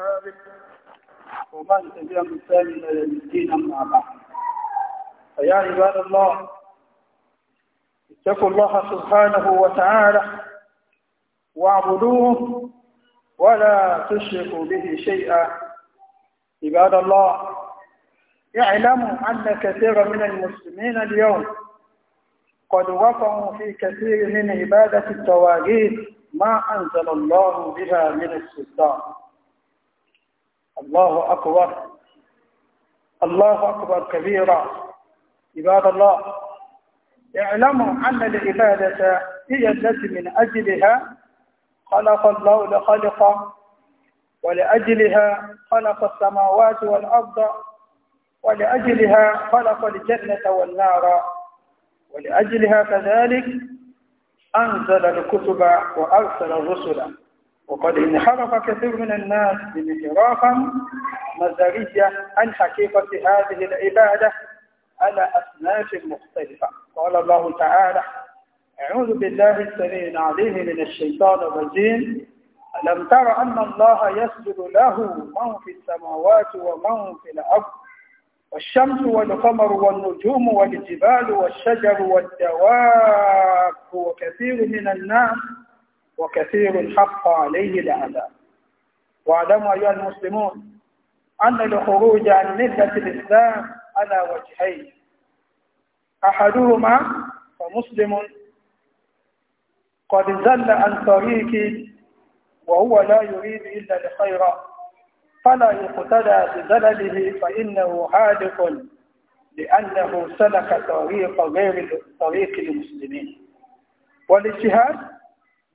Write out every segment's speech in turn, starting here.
السابق ومن تبعهم بإحسان إلى الدين أما فيا عباد الله اتقوا الله سبحانه وتعالى واعبدوه ولا تشركوا به شيئا عباد الله اعلموا أن كثيرا من المسلمين اليوم قد وقعوا في كثير من عبادة التواغيث ما أنزل الله بها من السلطان الله أكبر الله أكبر كبيرا عباد الله اعلموا أن العبادة هي التي من أجلها خلق الله لخلقه ولأجلها خلق السماوات والأرض ولأجلها خلق الجنة والنار ولأجلها كذلك أنزل الكتب وأرسل الرسل وقد انحرف كثير من الناس انحرافا مزاريا عن حقيقة هذه العبادة على أصناف مختلفة قال الله تعالى أعوذ بالله السميع العليم من الشيطان الرجيم ألم تر أن الله يسجد له من في السماوات ومن في الأرض والشمس والقمر والنجوم والجبال والشجر والدواب وكثير من الناس وكثير حق عليه العذاب واعلموا أيها المسلمون أن الخروج عن ملة الإسلام على وجهين أحدهما فمسلم قد زل عن طريق وهو لا يريد إلا الخير فلا يقتدى بزلله فإنه هادف لأنه سلك طريق غير طريق المسلمين والاجتهاد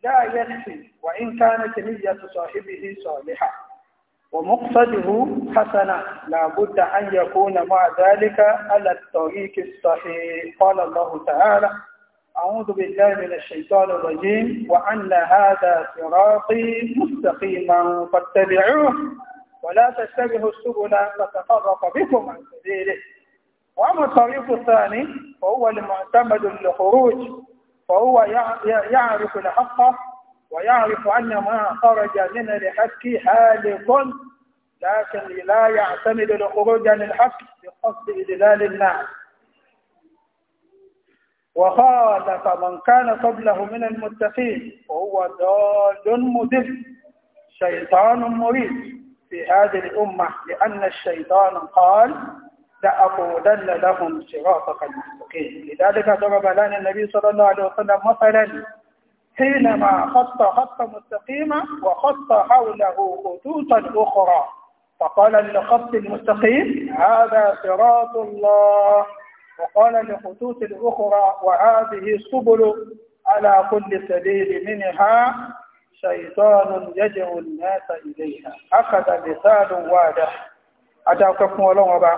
لا يكفي وإن كانت نية صاحبه صالحة ومقصده حسنة لا بد أن يكون مع ذلك على الطريق الصحيح قال الله تعالى أعوذ بالله من الشيطان الرجيم وأن هذا صراطي مستقيما فاتبعوه ولا تتبعوا السبل فتفرق بكم عن سبيله وأما الطريق الثاني فهو المعتمد للخروج فهو يعرف الحق ويعرف أن ما خرج من الحق حالق لكن لا يعتمد الخروج عن الحق بقصد إذلال الناس وخالف من كان قبله من المتقين وهو ضال مدل شيطان مريد في هذه الأمة لأن الشيطان قال لأقودن لهم صراطك المستقيم لذلك ضرب لنا النبي صلى الله عليه وسلم مثلا حينما خط خط مستقيما وخط حوله خطوطا أخرى فقال لخط المستقيم هذا صراط الله وقال لخطوط الأخرى وهذه السبل على كل سبيل منها شيطان يدعو الناس إليها أخذ مثال واضح أتاكم ولو أبا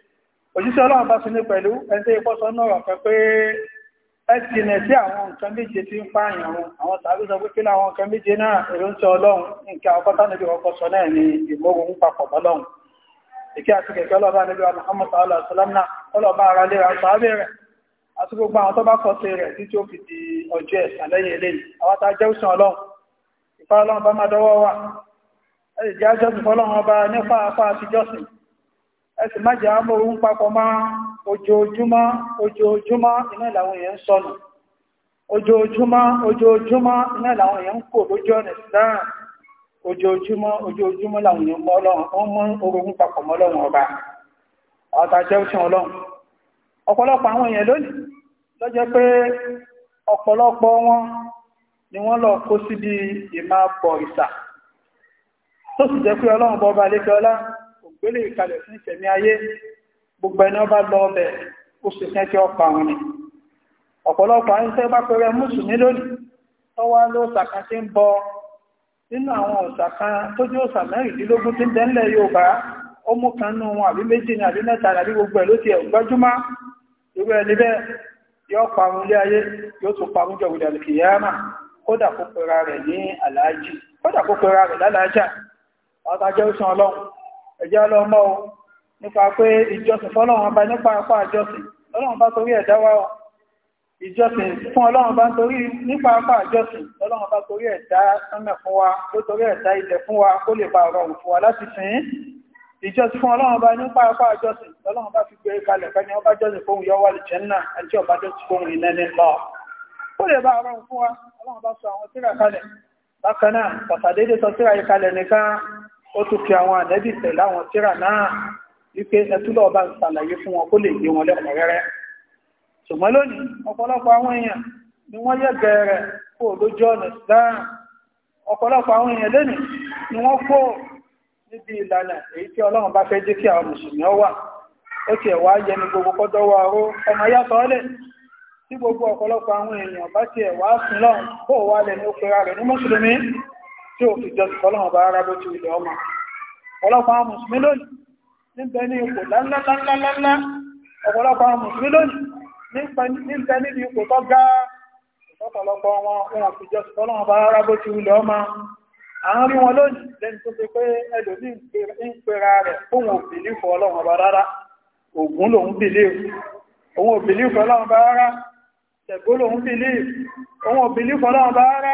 òjíṣẹ́ ọlọ́run bá tún ní pẹ̀lú ẹgbẹ́ ìpọ́sọ náà pẹ́ pé ẹtìnẹ̀ sí àwọn nǹkan méje tí ń pààyàn wọn àwọn tàbí sọ pé kí láwọn nǹkan méje náà èrò ń tẹ ọlọ́run nǹkan ọkọ́tà níbi ọkọ̀ sọ náà ni ìmọ̀rún ń papọ̀ bọ́lọ́run ìkí àti kẹ̀kẹ́ ọlọ́ba níbi wa Muhammad sallallahu alaihi wasallam náà ọlọ́ba ara lé ra sàábẹ̀ rẹ̀ àti gbogbo àwọn tó bá kọ́ sí rẹ̀ tí tí ó fi di ọjọ́ ẹ̀sán lẹ́yìn eléyìí àwọn tá a jẹ́ òsàn ọlọ́run ìfọ́ ọlọ́run bá má dọ́wọ́ wà ẹ̀ jẹ́ àjọsìn fọlọ́run ọba nípa apá àtijọ́sìn ẹsì má jẹ́ àmọ́ orú ń papọ̀ máa ojoojúmọ́ ojoojúmọ́ iná ìlàwọn èèyàn sọnù ojoojúmọ́ ojoojúmọ́ iná ìlàwọn èèyàn kò lójú ọ̀nà islam ojoojúmọ́ ojoojúmọ́ làwọn èèyàn mọ́ ọlọ́run ó mú orogún papọ̀ mọ́ ọlọ́run ọba ọ̀tá jẹ́ òṣìn ọlọ́run ọ̀pọ̀lọpọ̀ àwọn èèyàn lónìí ló jẹ́ pé ọ̀pọ̀lọpọ̀ wọn ni ìgbélé ìkalẹ̀ fún ìtẹ̀mí ayé gbogbo ẹni ọba lọ ọbẹ̀ ó sì fẹ́ kí ọpa wọn ni ọ̀pọ̀lọpọ̀ àyíṣẹ́ bá pẹ̀rẹ mùsùlùmí lónìí ló sàkà tí ń bọ nínú àwọn òsà kan tó jẹ́ òsà mẹ́rìndínlógún tí ń tẹ́lẹ̀ ó mú kan nú wọn àbí méjì àbí mẹ́ta àbí gbogbo ẹ̀ ló ti irú ẹni bẹ́ẹ̀ yóò lé ayé yóò tún jọ wùdà kìyàmà kódà ẹjẹ́ ọlọ́mọ o nípa pé ìjọsìn fọ́lọ́run bá nípa apá àjọsìn ọlọ́run bá torí ẹ̀dá wa o ìjọsìn fún ọlọ́run bá torí nípa apá àjọsìn ọlọ́run bá torí ẹ̀dá sánmẹ̀ fún wa ló torí ẹ̀dá ilẹ̀ fún wa kó lè bá rọrùn fún wa láti sìn ìjọsìn fún ọlọ́run bá nípa apá àjọsìn ọlọ́run bá fi gbé kalẹ̀ fẹ́ni ọba jọsìn fóun yọ wà jẹ́ náà àti ọba jọsìn fóun ìnẹ́ni lọ ó lè bá rọrùn fún wa ọlọ́run bá sọ àwọn tíra kalẹ̀ bákan náà pàtàdédé sọ tíra yìí kalẹ̀ nìkan ó tún fi àwọn ànẹ́bì tẹ̀lé àwọn tíra náà wípé ẹtúlọ̀ bá ń fún wọn kó lè gbé wọn lẹ́kọ̀ọ́ rẹ́rẹ́ ṣùgbọ́n lónìí ọ̀pọ̀lọpọ̀ àwọn èèyàn ni wọ́n yẹ bẹ̀rẹ̀ kó lójú ọ̀nà islam ọ̀pọ̀lọpọ̀ ni wọ́n kó níbi ìlànà èyí tí ọlọ́run bá fẹ́ jẹ́ kí àwọn mùsùlùmí wà ó ti ẹ̀wà yẹni gbogbo aró ọmọ tí gbogbo ọ̀pọ̀lọpọ̀ àwọn èèyàn bá sùn lọ́run kó lẹ́nu ó pera tí ò fi jọsí fọ́lọ́wọ́ bá ara bó ti ilẹ̀ ọmọ ọ̀pọ̀lọpọ̀ àwọn mùsùlùmí lónìí níbẹ̀ ní ipò lálálálálá ọ̀pọ̀lọpọ̀ àwọn mùsùlùmí lónìí níbẹ̀ níbi ipò tó ga ọ̀pọ̀lọpọ̀ wọn wọn fi jọsí fọ́lọ́wọ́ bá ara bó ti ilẹ̀ ọmọ àwọn rí wọn lónìí lẹ́ni tó fi pé ẹlòmí ń pera rẹ̀ fóun òbìlí fọ́ ọlọ́wọ́n bá rárá ògún lòun bìlí òun òbìlí fọ́ ọlọ́wọ́n bá rárá tẹ̀gbó lòun bìlí òun òbìlí fọ́ ọlọ́wọ́n bá rárá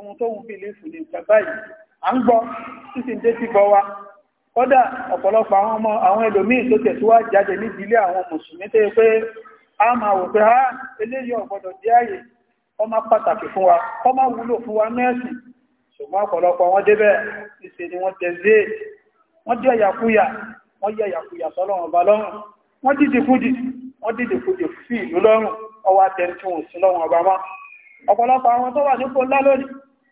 ohun tó wù bíi léfù ní ìjọba yìí à ń gbọ́ títí ń dé sí bọ́ wa kódà ọ̀pọ̀lọpọ̀ àwọn ọmọ àwọn ẹlòmíì tó tẹ̀síwájú jáde níbi ilé àwọn mùsùlùmí tó yẹ pé a máa wò pé ha eléyìí ọ̀gbọ́dọ̀ dé ààyè ọmọ pàtàkì fún wa ọmọ wúlò fún wa nẹ́ẹ̀sì ṣùgbọ́n ọ̀pọ̀lọpọ̀ wọn débẹ̀ ìṣe ni wọ́n tẹ̀síè wọ́n jẹ́ yàkúyà wọ́n yẹ yàkúyà sọ́lọ́run ọba lọ́rùn wọ́n dìde fúdì wọ́n dìde fúdì sí ìlú lọ́rùn ọwọ́ atẹ́ntún sí ọba mọ́ ọ̀pọ̀lọpọ̀ àwọn tó wà nípò ńlá lónìí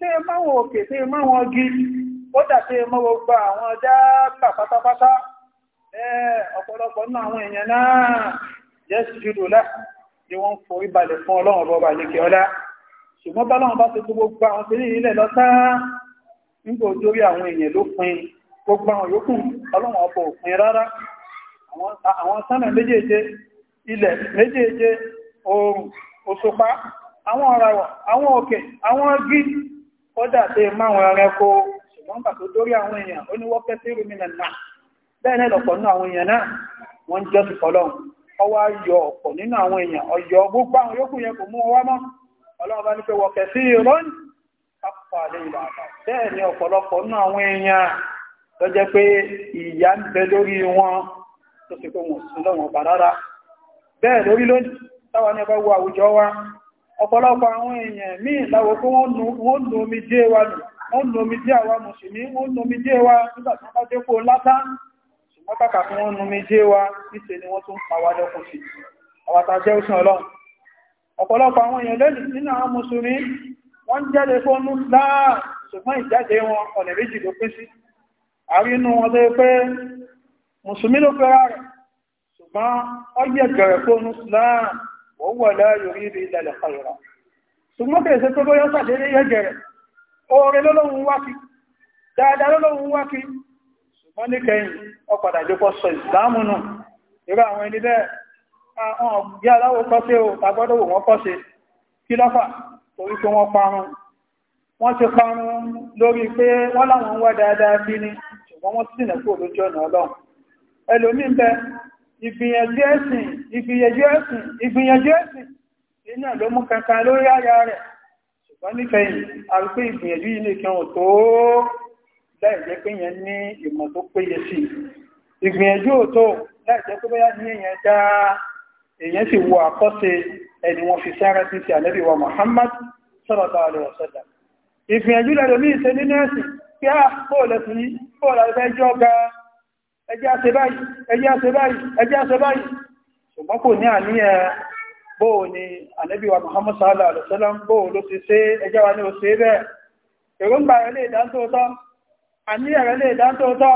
tí ẹ máa wọn òkè tí ẹ máa wọn gí ó dàtí ẹ máa gba àwọn ọjà bà pátápátá ọ̀pọ̀lọpọ̀ náà àwọn èèyàn náà jẹ́ jùlọ ni wọ́n fò ìbàlẹ̀ fún ọlọ́run bọ́ba lékè ọlá ṣùgbọ́n gbogbo àwọn lọ́tán nígbà àwọn èèyàn ló pin gbogbo àwọn yòókù ọlọ́run kọ́dà tẹ́ máwọn ẹranko ṣùgbọ́n gbà tó dórí àwọn èèyàn ó ní wọ́pẹ́ sí rúmìnà náà bẹ́ẹ̀ náà lọ̀pọ̀ nínú àwọn èèyàn náà wọ́n ń jọ́sìn fọlọ́run ọwọ́ ayọ̀ ọ̀pọ̀ nínú àwọn èèyàn ọ̀yọ́ gbogbo àwọn yòókù yẹn kò mú ọwọ́ mọ́ ọlọ́run bá ní pé wọ̀kẹ́ sí ìrọ́n pápá alẹ́ ìlà bẹ́ẹ̀ ni ọ̀pọ̀lọpọ̀ nínú àwọn èèyàn tó jẹ́ pé ìyà ń bẹ lórí wọn tó sì pé wọn sí lọ́wọ́n bá bẹ́ẹ̀ lórí lónìí táwọn ẹni bá wo àwùjọ wa ọ̀pọ̀lọpọ̀ àwọn èèyàn ní ìlàwò pé wọ́n lò omi dé wa nù wọ́n lò omi dé àwa mùsùlùmí wọ́n lò omi dé wa nígbà tí wọ́n bá dé kó látá ṣùgbọ́n kàkà fún wọn lò omi dé wa níṣe ni wọ́n tún pa wá lọ́kùn sí àwàtà jẹ́ òsìn ọlọ́run ọ̀pọ̀lọpọ̀ àwọn èèyàn lónìí nínú àwọn mùsùlùmí wọ́n wọ́n wọ̀ láàyò rí ibi ìdàlẹ̀ kàìrà ṣùgbọ́n kìí ṣe tó bóyá sàdédé yẹ́jẹ̀ rẹ̀ oore lọ́lọ́run wá kí dáadáa lọ́lọ́run wá kí ṣùgbọ́n ní kẹyìn ọ̀padà jókọ́ sọ ìsìláàmù nù irú àwọn ẹni bẹ́ẹ̀ àwọn ọ̀gbẹ́ ìgbìyànjú ẹ̀sìn ìgbìyànjú ẹ̀sìn ìgbìyànjú ẹ̀sìn iná ló mú kankan lórí àyà rẹ̀ ṣùgbọ́n níkẹyìn àrùpé ìgbìyànjú yìí nìkan ò tó láìjẹ́ pé yẹn ní ìmọ̀ tó péye sí ìgbìyànjú ò tó láìjẹ́ pé bóyá ní èèyàn dá èèyàn sì wo àkọ́ṣe ẹni wọn fi sára sí ti Muhammad sallallahu alaihi wasallam ìgbìyànjú lẹ́lòmí ìṣe nínú ẹ̀sìn pé à ah, bóòlù ẹ̀sìn yìí bóòlù ẹ̀fẹ́ jọ́ gan ẹjẹ́ àṣẹ báyìí ẹjẹ́ àṣẹ báyìí ẹjẹ́ àṣẹ báyìí ṣùgbọ́n kò ní àníyàn bóò ni ànẹ́bíwa Muhammad sallallahu alaihi wasallam bóò ló ti ṣe ẹjẹ́ wa ní o ṣe bẹ́ẹ̀ èròǹgbà rẹ̀ lè dáńtóótọ́ àníyàn rẹ̀ lè dáńtóótọ́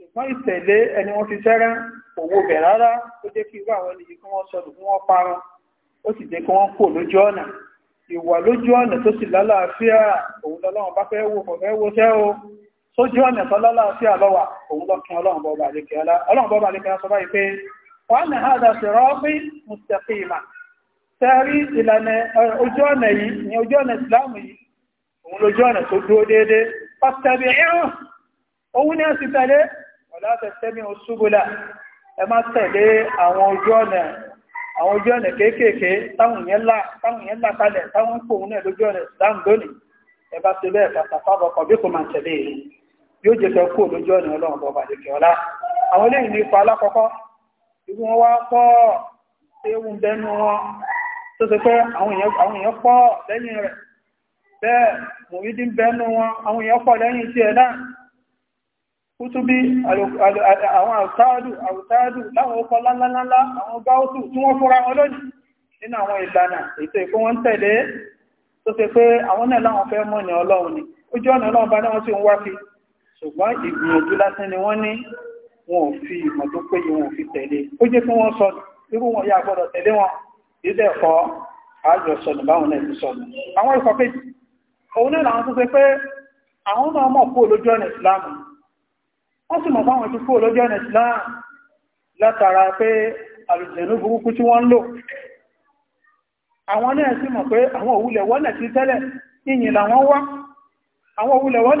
ṣùgbọ́n ìtẹ̀lé ẹni wọ́n fi sẹ́rẹ́ òwò bẹ̀ rárá ó jẹ́ kí irú àwọn ẹni yìí kí wọ́n sọdù kí wọ́n parun ó sì jẹ́ kí wọ́n kò lójú ọ̀nà ìwà lójú ọ̀nà tó sì lálàáfíà òun lọ́lọ́run bá fẹ́ wò fọ́ fẹ́ wò sẹ́ o sójú ọ̀nà tọ́lọ́lá sí àlọ́wà òun lọ́kàn ọlọ́run bọ́ọ̀bà àlékẹ́ ọlá ọlọ́run bọ́ọ̀bà àlékẹ́ sọ báyìí pé wọ́n ní hádà sí rọ́ọ̀fí mustaqima tẹ́rí ìlànà ojú ọ̀nà yìí ni ojú ọ̀nà ìsìláàmù yìí òun lójú ọ̀nà tó dúró déédé pàtàkì ẹ̀rùn òun ni a sì tẹ̀lé ọ̀lá tẹ̀sẹ́mi òṣùbùlà ẹ má ti bẹ́ẹ̀ pàtàkì ọkọ̀ bí kò máa tẹ̀lé yìí e. yóò jẹ́ sọ kú olójú ọ̀nà ọlọ́run bọba àdìkẹ́ ọlá àwọn eléyìí ní ipa alákọ̀ọ́kọ́ ibi wọn wá pọ̀ bẹnu wọn tó ṣe pé àwọn èèyàn pọ̀ lẹ́yìn rẹ̀ bẹ́ẹ̀ mòrídí ń bẹnu wọn àwọn èèyàn pọ̀ lẹ́yìn tí náà bí àwọn láwọn ọkọ̀ lálálálá wọn lónìí nínú àwọn ìlànà ètò ìpín wọn tẹ̀lé tó pé àwọn náà láwọn ni ọ̀nà ọlọ́run bá náà ṣùgbọ́n ìgbìyànjú lásán ni wọ́n ní wọn ò fi ìmọ̀ tó péye wọn ò fi tẹ̀lé ó jẹ́ kí wọ́n sọ irú wọn yà gbọ́dọ̀ tẹ̀lé wọn ìdẹ́ ẹ̀kọ́ àjọ sọnù báwọn náà ti sọnù àwọn ikọ̀ péjì òun náà làwọn tó ṣe pé àwọn náà mọ̀ kó lójú ọ̀nà ìsìláàmù wọ́n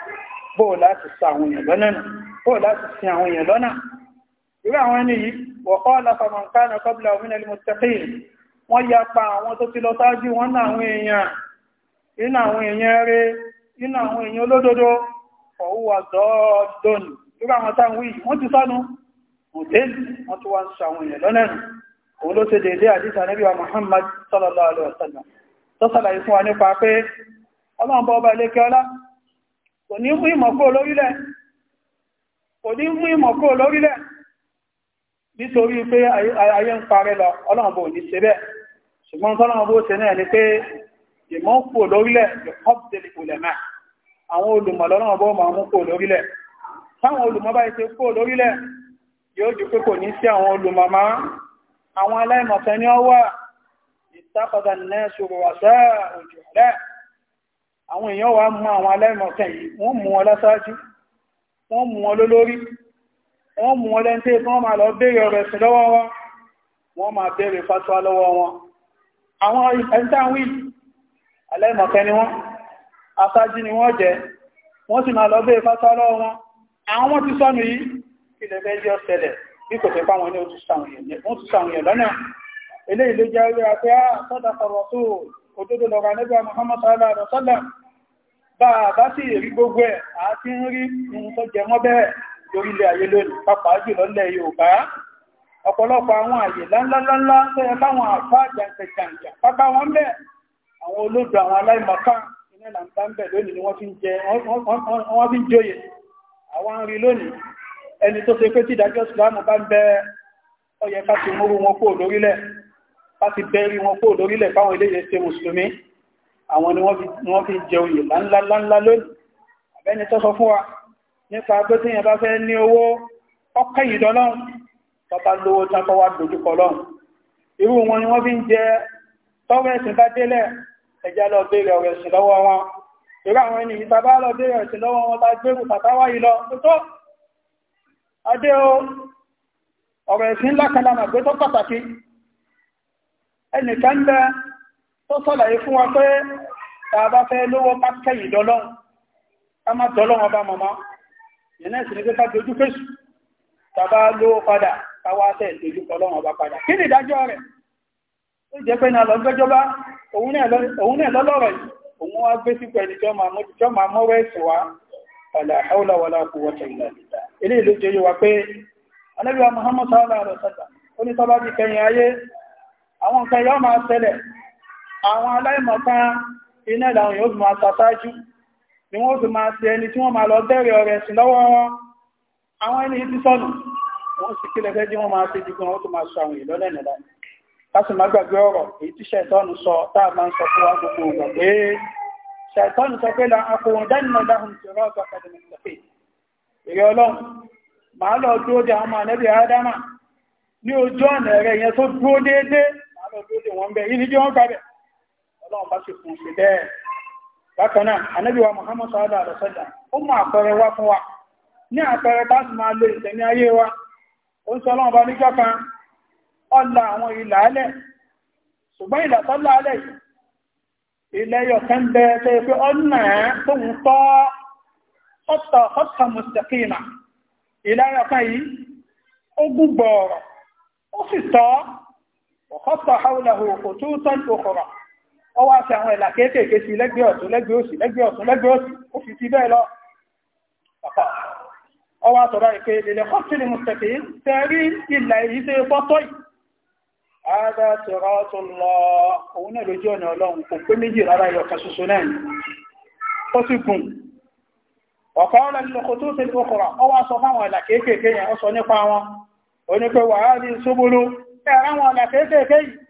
bóò láti sa àwọn èèyàn lọ́nà bóò láti sin àwọn èèyàn lọ́nà irú àwọn ẹni yìí wọ̀kọ́ aláfàmọ̀kánà kọ́bílà òmìnà ilé mọ̀tẹ́kìn wọ́n ya pa àwọn tó ti lọ sáájú wọn náà àwọn èèyàn inú àwọn èèyàn rẹ̀ inú àwọn èèyàn olódodo ọ̀húwà dọ́ọ̀dọ́nù irú àwọn táwọn yìí wọ́n ti sánú mọ̀tẹ́lì wọ́n ti wá ń sa àwọn èèyàn lọ́nà òun ló ṣe dédé àdíta níbi wa Muhammad sallallahu alaihi wasallam tó sàlàyé fún wa nípa pé ọlọ́run bọ́ ọba ilé kẹ́ọ́lá kò ní mú ìmọ̀kó lórílẹ̀ kò ní mú ìmọ̀kó lórílẹ̀ nítorí pé ayé ń parẹ́ lọ ọlọ́ọ̀bọ̀ ní ṣe bẹ́ẹ̀ ṣùgbọ́n tọ́lọ́ọ̀bọ̀ ṣe náà ni pé ìmọ̀kó lórílẹ̀ àwọn olùmọ̀ lọ́lọ́ọ̀bọ̀ máa mú kó lórílẹ̀ táwọn olùmọ̀ bá ṣe kó lórílẹ̀ yóò jù pé kò ní sí àwọn olùmọ̀ máa àwọn aláìmọ̀kan ní ọwà ìtàkọ̀dà náà ṣòro àṣà òjò rẹ̀ àwọn èèyàn wá mú àwọn aláìmọ̀kan yìí wọ́n mú wọn lásáájú wọ́n mú wọn lólórí wọ́n mú wọn lẹ́ntẹ́ tí wọ́n máa lọ béèrè ọ̀rọ̀ ẹ̀sìn lọ́wọ́ wọn wọ́n máa béèrè fatuwa lọ́wọ́ wọn àwọn ẹ̀ntàwí aláìmọ̀kan ni wọ́n asáájú ni wọ́n jẹ́ wọ́n sì máa lọ béèrè fatuwa lọ́wọ́ wọn àwọn wọ́n ti sọnù yìí ilẹ̀ fẹ́ jẹ́ ọ̀sẹ̀lẹ̀ bí kò fẹ́ fáwọn ní oṣù sàwọn èèyàn lọ́nà ah, Muhammad sallallahu bá bá sì rí gbogbo ẹ̀ àti ń rí ohun tó jẹ mọ́ bẹ́ẹ̀ lórílẹ̀ ayé lónìí pàápàá jùlọ lẹ̀ Yorùbá ọ̀pọ̀lọpọ̀ àwọn àyè lánlánlánlá tó yẹ káwọn àfá jàǹkẹ̀jàǹkà pápá wọn bẹ̀ àwọn olódò àwọn aláìmọ̀ká iná là ń bá ń bẹ̀ lónìí ni wọ́n fi ń jẹ wọ́n fi ń joyè àwọn ń rí lónìí ẹni tó ṣe pé tí ìdájọ́ ìsìlámù bá ń bẹ ó yẹ ká ti mú wọn kúrò lórílẹ̀ ká ti bẹ́rí àwọn ni wọ́n fi jẹ oyè láńláńlá lónìí àbẹ́ni tó sọ fún wa nípa pé tí yẹn bá fẹ́ ní owó ọkọ̀ yìí dọ́lọ́run tọ́ta lówó tán tó wá dojúkọ lọ́run irú wọn ni wọ́n fi ń jẹ tọ́wọ́ ẹ̀sìn bá délẹ̀ ẹjá lọ bèèrè ọ̀rọ̀ ẹ̀sìn lọ́wọ́ wọn irú àwọn ẹni yìí tàbá lọ bèèrè ẹ̀sìn lọ́wọ́ wọn bá gbérù tàtàwá yìí lọ tó adé o ọ̀rọ̀ ẹ̀sìn ńlá kan lánàá gbé tó pàtàkì ẹnìkan bẹ́ẹ̀ tó sọ́làyé fún wa pé tàbá fẹ́ lówó bá kẹ́yìn dọ́lọ́run ká ọba mọ̀mọ́ ìyẹn náà sì ní pé dojú fèsù tàbá lówó padà káwá tẹ̀ dojú kọlọ́run ọba padà kí ni ìdájọ́ rẹ̀ ó jẹ́ pé náà lọ́gbẹ́jọba òun náà lọ́lọ́rọ̀ yìí òun wá gbé ẹni jọ máa mọ́rọ̀ ẹ̀sìn wa kò wọ́tẹ̀ ìlà ilé ìlú jẹ́ pé sallallahu alaihi ó ní tọ́lá ti kẹyìn ayé àwọn aláìmọ̀kan iná ìlànà yóò ya máa sàtájú ni wọ́n fi máa ṣe ẹni tí wọ́n máa lọ lọ́wọ́ wọn àwọn ẹni tí sọ́nù wọ́n sì kílẹ̀ fẹ́ jí wọ́n máa wọ́n tó máa sọ àwọn ìlọ́lẹ̀ nìlá láti má gbàgbé ọ̀rọ̀ èyí tí ṣẹ̀tọ́nù sọ táà máa ń sọ fún wa gbogbo pé ṣẹ̀tọ́nù sọ pé dánimọ̀ ti rọ́ èrè ọlọ́run ọlọ́run bá sì fún un ṣe bẹ́ẹ̀ bákan náà anábì wa muhammad sallallahu alaihi wa sallam ó mú àpẹẹrẹ wá fún wa ní àpẹẹrẹ bá sì máa lo ìtẹ̀mí ayé wa ó ń sọ ọlọ́run bá níjọ́ kan ọ̀la àwọn ìlà alẹ̀ ṣùgbọ́n ìlà tó lálẹ̀ ilẹ̀ yọ̀kẹ́ ń bẹ tó yẹ pé ọ̀nà tó ń tọ́ ọ̀tọ̀ ọ̀tọ̀ mùsùlùmí ìlà yọ̀kẹ́ yìí ó gbúgbọ̀ọ̀rọ̀ ó sì tọ́ ọ̀kọ́tọ̀ haúlẹ̀ òkòtútọ́ ìkòkòrò ó wá sí àwọn ìlà kéékèèké sí lẹ́gbẹ̀ẹ́ ọ̀tún lẹ́gbẹ̀ẹ́ òsì lẹ́gbẹ̀ẹ́ ọ̀tún lẹ́gbẹ̀ẹ́ òsì ó fi ti bẹ́ẹ̀ lọ ọ̀pọ̀ ó wá sọ̀rọ̀ ìpè ìlẹ̀ kọ́tìlì mùsẹ̀kì tẹ́ rí ìlà èyí tẹ́ fọ́tọ́ yìí ara tẹ̀rọ tó lọ òun náà lójú ọ̀nà ọlọ́run kò pé méjì rárá ìyọ̀kan ṣoṣo náà ó sì gùn ọ̀pọ̀ ọ̀rọ̀ ìlọ́kọ̀ tó ṣe ọkọ̀rọ̀ ọ wá sọ fáwọn ìlà kéékèèké yẹn ó sọ nípa wọn ó ní pé wàhálì ṣóbóló ẹ̀ráwọn ìlà kéékèèké yìí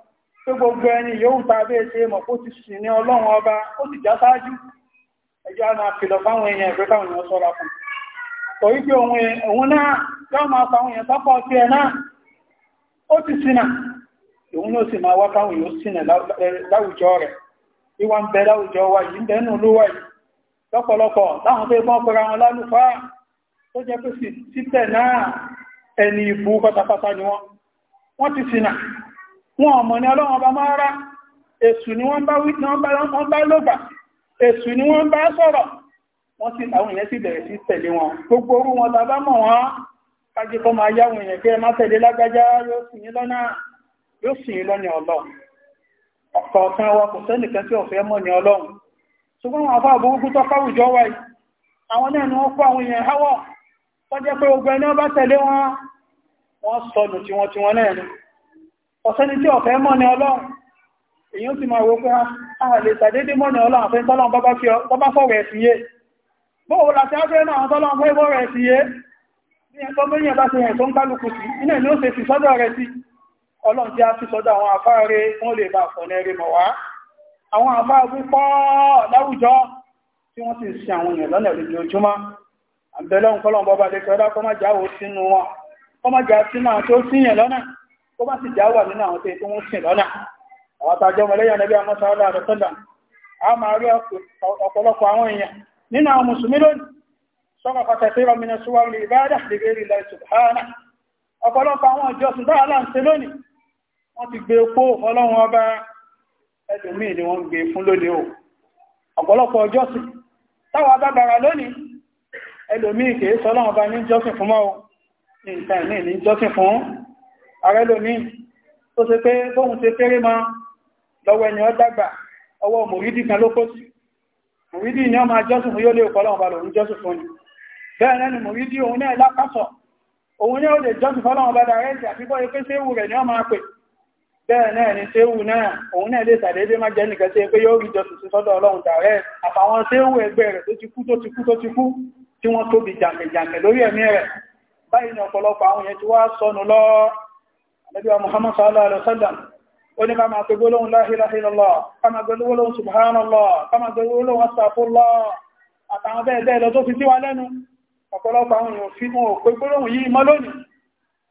pé gbogbo ẹni yóò ń tàbí ṣe mọ̀ kó ti sì ní ọlọ́run ọba ó sì já sáájú ẹjọ́ a máa kìlọ̀ fáwọn èèyàn ìgbé káwọn èèyàn sọ́ra fún torí pé òun náà yóò máa fa àwọn èèyàn sọ́pọ̀ sí ẹ náà ó ti òun yóò sì máa wá káwọn èèyàn láwùjọ rẹ̀ ń bẹ láwùjọ wa yìí ń bẹ nù lówà yìí lọ́pọ̀lọpọ̀ láwọn tó ibọ́n pẹ̀rẹ̀ àwọn lálùfáà tó jẹ́ pé sí náà ẹni ìbú wọ́n wọ́n wọn ọmọ ni ọlọ́run ọba máa rá ni wọ́n bá wí wọ́n bá lọ́gbà ni wọ́n bá sọ̀rọ̀ wọ́n sì àwọn èèyàn sì bẹ̀rẹ̀ sí tẹ̀lé wọn gbogbo orú wọn tàbá mọ̀ wọn kájí kọ́ kí yóò sì yín yóò tí ọ̀fẹ́ mọ̀ ní ọlọ́run ṣùgbọ́n wa yìí àwọn náà ni wọ́n kó àwọn èèyàn háwọ̀ jẹ́ wọn wọ́n sọnù ọ̀sẹ́ni tí ọ̀fẹ́ mọ́ ni ọlọ́run èyàn sì máa wo pé a lè sàdédé mọ́ ni ọlọ́run àfẹ́ tọ́lọ́run bọ́bá fọ́wẹ̀ ẹ̀sìyé bóò láti ápẹ́ náà tọ́lọ́run fẹ́ bọ́rẹ̀ ẹ̀sìyé ní ẹ̀kọ́ mẹ́yìn bá ti rẹ̀ tó ń kálukú sí iná ni ó ṣe fi sọ́dọ̀ rẹ̀ sí ọlọ́run tí a fi sọ́dọ̀ àwọn afáre wọ́n lè bá fọ̀ nẹ́rẹ́ mọ̀ wá àwọn afáre púpọ̀ láwùjọ tí wọ́n sì ṣe àwọn èèyàn lọ́nà lójoojúmọ́ àbẹ̀lọ́run kọ́lọ́run bọ́bá lè sọ́dọ̀ kọ́mọ́jà ó sínú wọn kọ́mọ́jà sínú àwọn tó síyàn lọ́nà kó má sì já wà nínú àwọn tó ń sìn lọ́nà àwọn àtàjọ ọmọlẹ́yìn ọ̀nẹ́bí amọ́sáwọ́lá àdọ́sọ́lá a máa rí ọ̀pọ̀lọpọ̀ àwọn èèyàn nínú àwọn mùsùlùmí lónìí sọ́kọ̀ pàtàkì ọmọ ìṣúwà lè àwọn ìjọsìn lónìí wọ́n ti gbé epo ọba ni o ní ìjọsìn ààrẹ lómi tó ṣe pé bóhun ṣe fẹ́rẹ́ mọ́ lọ́wọ́ ẹni ọ dàgbà ọwọ́ mòrídì kan ló kó sí mòrídì ni ọ máa jọ́sùn fún yóò lè pọ̀ lọ́wọ́ lòun jọ́sùn fún ni bẹ́ẹ̀ náà ni mòrídì òun náà lápásọ̀ òun ní ó lè jọ́sùn fọ́lọ́wọ́ bá dára ẹ̀sì àti bọ́ ipé séwù rẹ̀ ni ọ máa pè bẹ́ẹ̀ náà ni séwù náà òun náà lè sàdédé má jẹ́ nìkan sí pé yóò rí jọ́sùn sí sọ́dọ̀ ọlọ́run tààrẹ àfàwọn séwù ẹgbẹ́ rẹ̀ tó ti kú tó ti kú tó ti kú tí wọ́n tóbi jàǹkẹ̀jàǹkẹ̀ lórí ẹ̀mí rẹ̀ báyìí ni ọ̀pọ̀lọpọ̀ àwọn yẹn ti wá sọnù lọ Nabi Muhammad sallallahu alaihi wasallam ó ní ká máa pe gbólóhùn la ilaha illallah ká máa pe gbólóhùn subhanallah ká máa pe gbólóhùn astaghfirullah àtàwọn bẹ́ẹ̀ bẹ́ẹ̀ lọ tó fi sí wa lẹ́nu ọ̀pọ̀lọpọ̀ àwọn èèyàn fi wọn ò pe gbólóhùn yìí mọ́ lónìí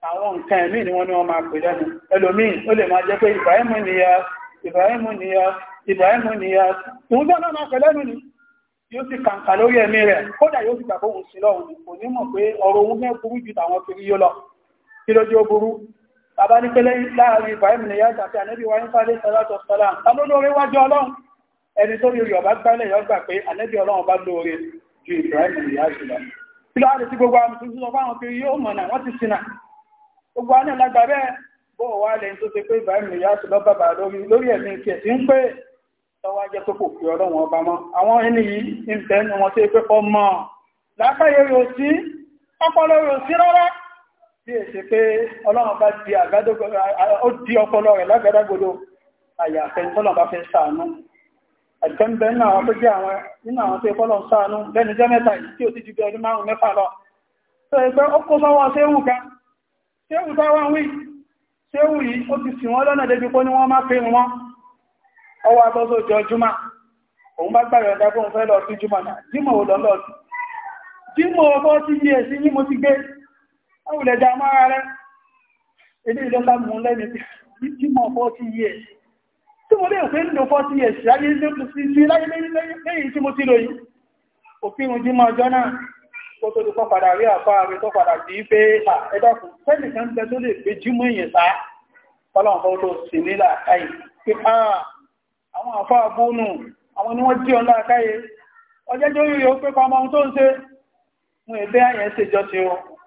àwọn nǹkan ẹ̀mí ni wọ́n ní wọ́n máa pè lẹ́nu ẹlòmíì ó lè máa jẹ́ pé Ibrahim nìyà bàbá ní pẹ́lẹ́ láàrin ibrahim ni yáta àti ànẹ́bí wa ń sáré sọ́látọ̀ sọ́lá ta ló lóore wájú ọlọ́run ẹni tó rí ọba gbálẹ̀ yọ gbà pé ànẹ́bí ọlọ́run bá lóore ju ibrahim ni yáta lọ kí ló àti gbogbo àmì tuntun ọba àwọn kiri yóò mọ̀nà wọ́n ti sinà gbogbo àná lágbà ni yáta lọ bàbà lórí lórí ẹ̀mí tiẹ̀ ti ń pé tí è ṣe pé ọlọ́run bá di àgádogo ó di ọpọlọ rẹ̀ lágbàdágbòdo àyàfẹ́ tọ́lọ̀ bá fẹ́ sàánú àjẹ́mbẹ́ nínú àwọn tó jẹ́ àwọn nínú àwọn tó yẹ kọ́lọ̀ sàánú lẹ́nu jẹ́ mẹ́ta yìí tí ó ti ju bí ọdún márùn mẹ́fà lọ tó yẹ pé ó kó sọ́wọ́ séwù ká séwù bá wà wí séwù yìí ó ti sì wọ́n lọ́nà débi pé ní wọ́n má fi wọn ọwọ́ abọ́sọ̀ jọ júmà òun bá gbàrẹ̀ ọ̀dá fún òun fẹ́ lọ sí júmà náà jímọ̀ ò lọ́lọ́ọ̀tì jímọ̀ ọkọ̀ ti yẹ sí yí mo ti gbé ẹwùlẹ̀dà mára rẹ̀ ilé ìlọ́lá mú lẹ́nu jímọ̀ 40 years tí mo lè fẹ́ nílò 40 years láyé sí láyé lẹ́yìn tí mo ti lò yìí òfin jímọ̀ ọjọ́ náà tó tó tó padà rí àpá rẹ̀ tó padà sí pé ẹ̀dàkùn fẹ́nìkan bẹ tó lè fi jímọ̀ èèyàn sá fọ́lọ́nfọ́ tó sì nílà káyì pé àwọn àfọ́ àbónú àwọn ni wọ́n jí ọlá káyè ọjẹ́jọ́ yóò pé pamọ́ ohun tó ń ṣe mú ẹgbẹ́ àyẹ̀ ṣèjọ́ ti wọn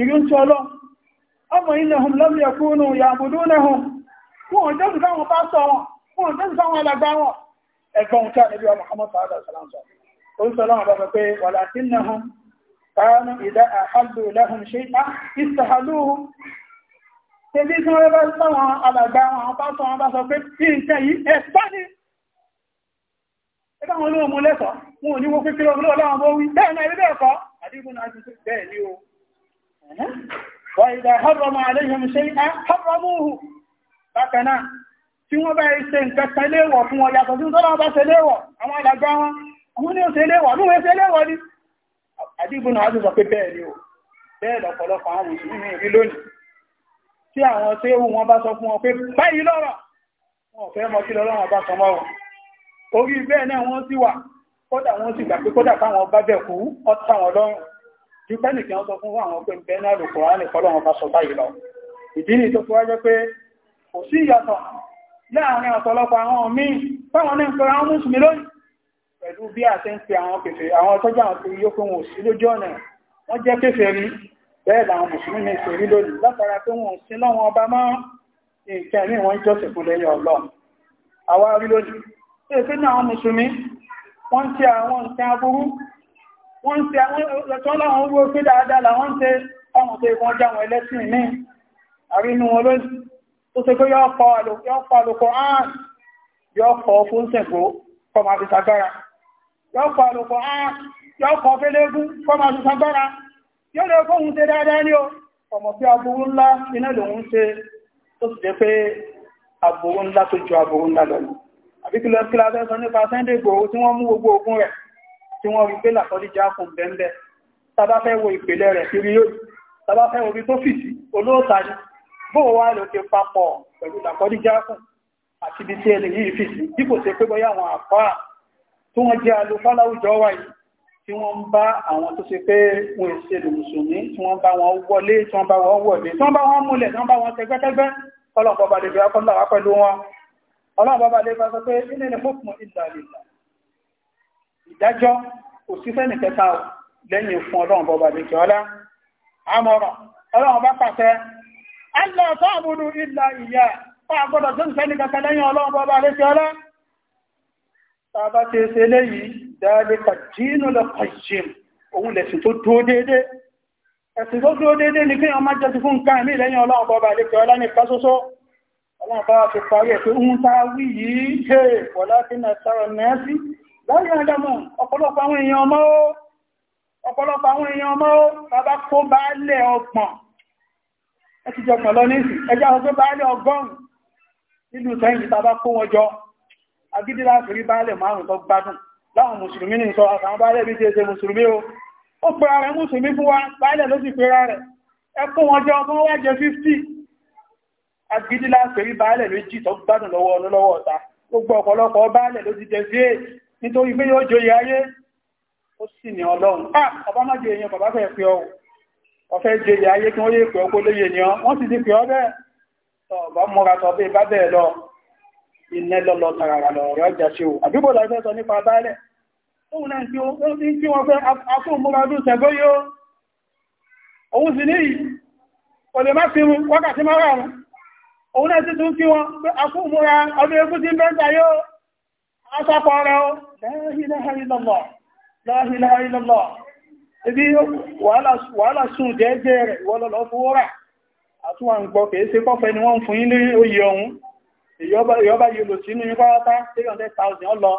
ìrí ń tọ́lọ́ ọmọ ilẹ̀ hùn lọ́mí ẹ̀kúnnù ìyàbùdó lẹ́hùn fún ọjọ́ sí káwọn bá sọ wọn fún ọjọ́ sí káwọn alágbá wọn ẹ̀gbọ́n tí a níbi ọmọ ọmọ sàádà wọ́n bá sọ wọn wọn bá sọ bá sọ pé kí n tẹ yìí ẹ̀ bá ẹgbẹ́ wọn ló mú lẹ́sọ̀ọ́ wọn ò ní wọ́n pé kí wí bẹ́ẹ̀ náà ilé ẹ̀kọ́ àdígun náà ti bẹ́ẹ̀ ní o wọ́n ìdá harrama aléhìn ṣe harramuhu bákan náà tí wọ́n bá ṣe nǹkan kan léèwọ̀ fún wọn yàtọ̀ tí ó tọ́lá bá ṣe léèwọ̀ àwọn àlàgbà wọn àwọn ní ó ṣe léèwọ̀ ní wọ́n ṣe léèwọ̀ ní àdígbò náà sọ pé bẹ́ẹ̀ ni ó bẹ́ẹ̀ lọ́pọ̀lọpọ̀ àwọn mùsùlùmí rí lónìí tí àwọn tí ó wọn bá sọ fún wọn pé báyìí lọ́rọ̀ wọn fẹ́ mọ́ kí lọ́rọ̀ bá sọ mọ́ wọn orí bẹ́ẹ̀ náà wọ́n sì wà kódà wọ́n sì tí pẹ́nìkan sọ fún àwọn pé bẹ́ẹ̀ náà lòkùn ránì kọlọ́run bá sọ báyìí lọ ìdí ni tó fi wáyé pé kò sí ìyàtọ̀ láàrin ọ̀tọ̀lọpọ̀ àwọn míì táwọn ní nǹkan àwọn mùsùlùmí lónìí pẹ̀lú bí a ṣe ń fi àwọn kèfè àwọn tọ́jú àwọn tó yóò fún òsì lójú ọ̀nà wọ́n jẹ́ kèfè rí bẹ́ẹ̀ làwọn mùsùlùmí ní ìṣèrí lónìí látara pé wọn sí lọ́wọ́ ọba mọ́ nǹkan ní wọ́n jọ́sìn fún lẹ́yìn ọlọ́run àwa rí lónìí pé pé náà mùsùlùmí wọ́n ti àwọn nǹkan aburú wọ́n tẹ àwọn ọlọ́run owó pé dáadáa làwọn tẹ ọmọ tẹ wọ́n já wọn ẹlẹ́sìn ní àrínú wọn ló tó tẹ pé yọ́ pọ̀ àlòkọ ààrùn yọ́ pọ̀ fún sẹ̀gbó kọ máa fi sagbára yọ́ pọ̀ àlòkọ ààrùn yọ́ pọ̀ fẹ́lẹ́gún kọ máa fi sagbára yóò lè fóhun tẹ dáadáa ní o ọmọ pé aburú ńlá iná lòun ṣe tó sì jẹ́ pé aburú ńlá tó ju aburú ńlá lọ àbíkí lọ kí la fẹ́ sọ nípa Sunday Igboho tí wọ́n mú gbogbo ogun rẹ̀ tí wọ́n rí pé làkọ́díjá fún bẹ́ńbẹ́ tàbá fẹ́ wo ìpìlẹ̀ rẹ̀ kiri yóò tàbá fẹ́ orí tó fìsí olóòta ni bó wá ló ti papọ̀ pẹ̀lú làkọ́díjá fún àti ibi tí ẹni yìí fìsí bí kò ṣe pé bóyá àwọn àfáà tí wọ́n jẹ́ alufá láwùjọ wa yìí tí wọ́n ń bá àwọn tó ṣe pé wọn ṣe lè mùsùlùmí tí wọ́n bá wọn wọlé tí wọ́n bá wọn wọlé tí wọ́n bá wọn múlẹ̀ tí wọ́n bá wọn tẹgbẹ́tẹgbẹ́ ọlọ́pàá bá lè bẹ̀rẹ̀ kọ́ńtà wá pẹ̀lú ìdájọ́ kò sí fẹ́ni kẹta lẹ́yìn fún ọlọ́run bọba àdékẹ ọlá àmọ̀rọ̀ ọlọ́run bá pàṣẹ Allah ta'budu illa ìyá pa àgbọ́dọ̀ tó ń fẹ́ni kẹta lẹ́yìn ọlọ́run bọba àdékẹ ọlá tàbá ti ṣe léyìí dáadéka dínú lọ pàṣẹ òun lẹ̀sìn tó dúó déédé ẹ̀sìn tó dúó déédé ni kí ọmọ jẹ́ ti fún nǹkan ẹ̀mí lẹ́yìn ọlọ́run bọba àdékẹ ọlá ní ìkásósó ọlọ́run bá fi parí ẹ̀ pé ń ta wí yìí lọ́rí ọjọ́mọ̀ ọ̀pọ̀lọpọ̀ àwọn èèyàn ọmọ ó ọ̀pọ̀lọpọ̀ àwọn èèyàn ọmọ ó bàbá kó bá lẹ̀ ọpọ̀n ẹ ti jọpọ̀ lọ nísì ẹjá ọjọ́ bá lẹ̀ ọgọ́rùn nínú sẹ́yìn tí bàbá kó wọn jọ agídí láti rí báálẹ̀ márùn tó gbádùn láwọn mùsùlùmí ní sọ àtàwọn báálẹ̀ bí ṣe mùsùlùmí o wa báálẹ̀ ló sì pera rẹ̀ ẹ tó gbádùn lọ́wọ́ ọlọ́lọ́wọ́ ọ̀ta gbogbo ọ̀pọ̀lọpọ̀ báálẹ̀ ló ti jẹ 8 nítorí pé yóò joyè ayé ó sì ní ọlọ́run ọba má jẹ èèyàn bàbá fẹ́ pẹ́ ọ ọ̀fẹ́ joyè ayé kí wọ́n yé pẹ́ ọkọ́ lóye ni wọ́n sì ti pẹ́ ọ bẹ́ẹ̀ tọ̀ọ̀bá múra tọ́ bí bá bẹ́ẹ̀ lọ iná lọ́lọ́ tààrà lọ ọ̀rọ̀ ọjà ṣe o àbíbò lọ fẹ́ sọ nípa baálẹ̀ òun náà tí wọ́n fẹ́ afúnmúra ọdún sẹ́gbó tún kí wọn afúnmúra ọdún egúsí asápọ̀ rẹ̀ ó láhìláhà ìlọ́lọ́ ibi wàhálà sùn jẹ́ẹ́jẹ́ rẹ̀ ìwọ́lọ́lọ́ fowó rà àtúwà ń gbọ́ kìí sí kọ́fẹ́ ni wọ́n fún yín ní oyè ọ̀hún ìyọba yìí lò sí ní pátá 300,000 ọlọ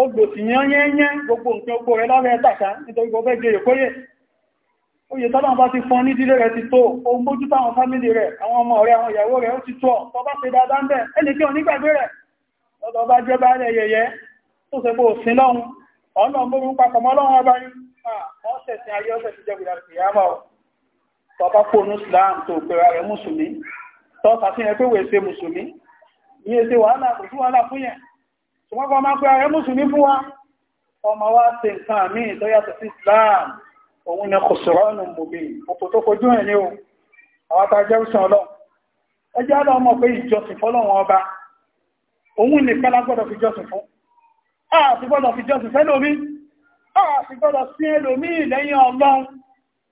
ó gbò sí yán yẹ́yẹ́ gbogbo nǹkan ogbò rẹ̀ lọ́rẹ̀ ẹ̀tàkà nítorí gbogbo ẹgbẹ̀ ìkóyè oyè tọ́lá bá ti fún nídílé rẹ̀ ti tó ohun bójú táwọn fámílì rẹ̀ àwọn ọmọ rẹ̀ àwọn ìyàwó rẹ̀ ó ti tó ọ̀ lọ́dọ̀ bá jẹ́ bá rẹ̀ yẹyẹ tó ṣe bó sin lọ́hun ọ̀nà mọ́rún papọ̀ mọ́ lọ́hun ọba yìí wọ́n sẹ̀sìn ayé ọ̀sẹ̀ ti jẹ́ gbìyà kìyàmọ̀ tọba kóònù Islam tó pẹ̀rẹ̀ rẹ̀ mùsùlùmí tọ́ta sí ẹ pé wèé ṣe mùsùlùmí ní ẹsẹ̀ wàhálà kò sí wàhálà fún yẹn ṣùgbọ́n kọ́ máa pẹ̀rẹ̀ rẹ̀ mùsùlùmí fún wa ọmọ wa ṣe nǹkan míì tó yàtọ̀ sí Islam òun ni kò sọ̀rọ̀ ọ̀nà mòbí òkò tó kojú ẹ̀ ní o àwọn ta jẹ́rùsàn ọlọ́run ẹjẹ́ ọlọ́run mọ̀ pé ìjọsìn òun nìkan lágbọ́dọ̀ fi jọ́sìn fún àti gbọ́dọ̀ fi jọ́sìn fẹ́lómi àti gbọ́dọ̀ sí ẹlòmí lẹ́yìn ọlọ́run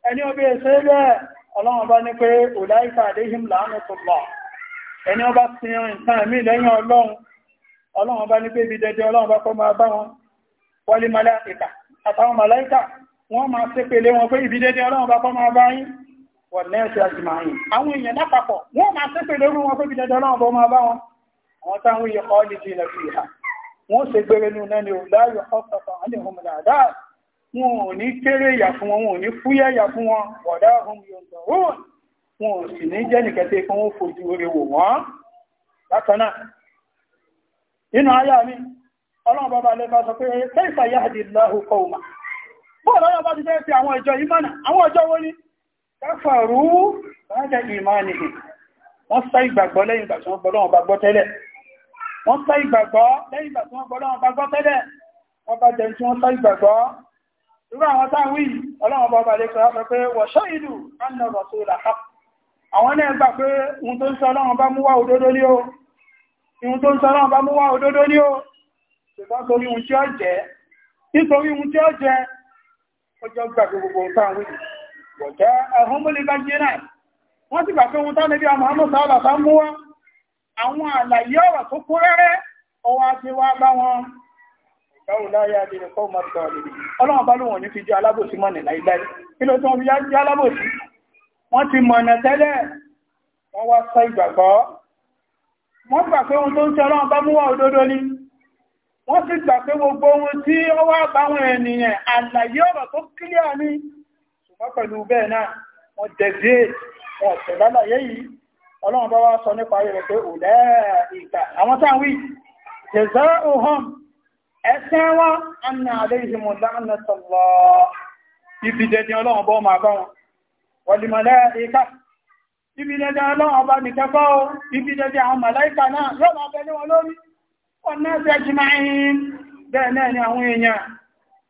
ẹni ọbẹ̀ ṣe rẹ̀ ọlọ́run bá ní pé òláìfà àdéhìm láàrùn ẹni ọba sin nǹkan ẹ̀mí lẹ́yìn ọlọ́run ọlọ́run bá ní pé ibi dẹdẹ ọlọ́run bá kọ́ máa bá wọn wọlé màláìkà àtàwọn màláìkà wọ́n máa ṣe pèlé wọn pé ibi dẹdẹ ọlọ́run bá kọ́ máa bá yín wọ̀n náà ṣe àjùmáyìn àwọn èèyàn lápapọ̀ wọ́n máa ṣe pèlé wọn pé ibi dẹdẹ ọlọ́run bá máa bá wọn àwọn táwọn yìí kọ́ ní jìnà fi hà wọ́n ṣe gbére nù náà ni láyọ̀ ọ̀pọ̀pọ̀ àwọn èèyàn mọ̀lá dáa wọn ò ní kéré ìyà fún wọn wọn ò ní fúyẹ́ ìyà fún wọn wọ̀dá ọ̀hún yóò lọ rún wọn ò sì ní jẹ́ nìkẹ́tẹ́ kí wọ́n fojú orí wò wọ́n bákan náà nínú ayá mi ọlọ́run bàbá lẹ́fà sọ pé kayfa yahdi Allahu qawma bóòlù ọlọ́run bá ti fẹ́ fi àwọn ìjọ ìmánà àwọn ìjọ wó ní kafaru ba'da imanihim wọ́n sá ìgbàgbọ́ lẹ́yìn ìgbà tí bá gbọ́ tẹ́lẹ̀ wọ́n tá ìgbàgbọ́ lẹ́yìn ìgbà tí wọ́n gbọ́lọ́ wọn bá gbọ́ tẹ́lẹ̀ wọ́n bá jẹ́ tí wọ́n tá ìgbàgbọ́ irú àwọn táwí ọlọ́wọ́n bá bá lè sọ pé wọ̀ṣọ́ ìlú anna rasul ahab àwọn náà gbà pé ohun tó ń sọ ọlọ́wọ́n bá mú wá òdodo ní o ohun tó ń sọ ọlọ́wọ́n bá mú wá òdodo ní o ṣùgbọ́n torí ohun tí ó jẹ́ nítorí ohun tí ó jẹ́ ọjọ́ gbàgbé gbogbo táwí wọ̀jẹ́ ẹ̀hún múlẹ̀ bá jẹ́ náà wọ́n sì gbà pé ohun táwọn ẹbí ọmọ ọmọ sábà bá mú wá àwọn àlàyé ọ̀rọ̀ tó kó rẹ́rẹ́ ọwọ́ àti wá bá wọn ìgbáwòláyé adìrẹ̀ fọ́ mọ́tò ọ̀lẹ́dẹ̀ ọlọ́run bá lóun ò ní fi jẹ́ alábòsí mọ́nì láìláì kí ló tí wọ́n fi jẹ́ alábòsí wọ́n ti mọ̀nà tẹ́lẹ̀ wọ́n wá sọ ìgbàgbọ́ wọ́n gbà pé ohun tó ń ṣe ọlọ́run bá mú wá ọlọ́run bá wá sọ nípa rẹ̀ pé òlẹ́ ìgbà àwọn tán wí jẹ̀zọ́ ohun ẹ̀sẹ̀ wọn anna aléhìmọ̀ lánà tọ̀lọ̀ ibi dẹni ọlọ́run bọ́ máa bá wọn wọlìmọ̀lẹ́ ìka ibi dẹni ọlọ́run bá mi kẹ́kọ́ ibi dẹni àwọn màláìka náà yóò máa bẹ ní lórí wọn náà bẹ jìmá ẹyin bẹ́ẹ̀ náà ni àwọn èèyàn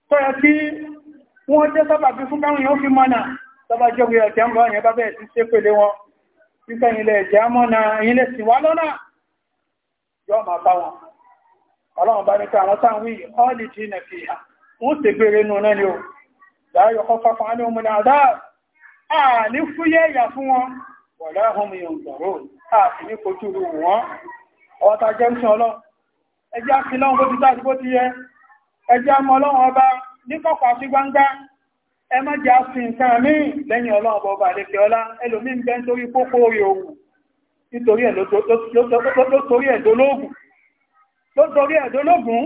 tó yẹ kí wọ́n jẹ́ sábàbí fún káwọn èèyàn fi mọ́nà tọ́bá jẹ́ wíyà tí a ń bọ́ yẹn bá bẹ́ẹ̀ sí ṣépele wọn pípẹ́ ilẹ̀ ìjẹ́mọ́nà ilẹ̀ síwá lọ́nà yọ́ ma bá wọn ọlọ́run bá ní pé àwọn táwí ọ́lì jí nà fi hà wọ́n sì gbére nù náà ni ó dáyọ̀ kọ́ fọ́fọ́ á ní omi náà dáa à ní fúyẹ́ ìyà fún wọn wọ̀lá ọmọ èèyàn gbọ̀rọ̀ àti ní kojú ẹ má jà sí nǹkan míì lẹ́yìn ọlọ́run bọba àlẹ́kẹ́ ọlá ẹlòmí ń bẹ nítorí pópó orí òwú nítorí ẹ̀dọ́lógún